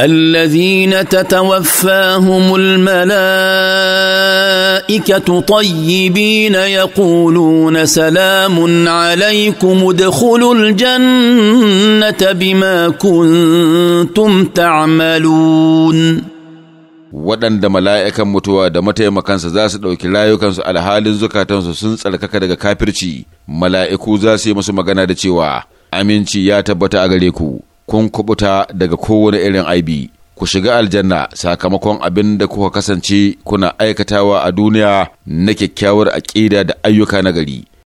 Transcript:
الذين تتوفاهم الملائكه طيبين يقولون سلام عليكم ادخلوا الجنه بما كنتم تعملون waɗanda mala'ikan mutuwa da mataimakansa za su ɗauki rayukansu alhalin zukatansu sun tsarkaka daga kafirci mala'iku za su yi musu magana da cewa aminci ya tabbata a gare ku kun kubuta daga kowane irin aibi ku shiga aljanna sakamakon abin da kuka kasance kuna aikatawa a duniya na kyakkyawar aƙida da ayyuka na gari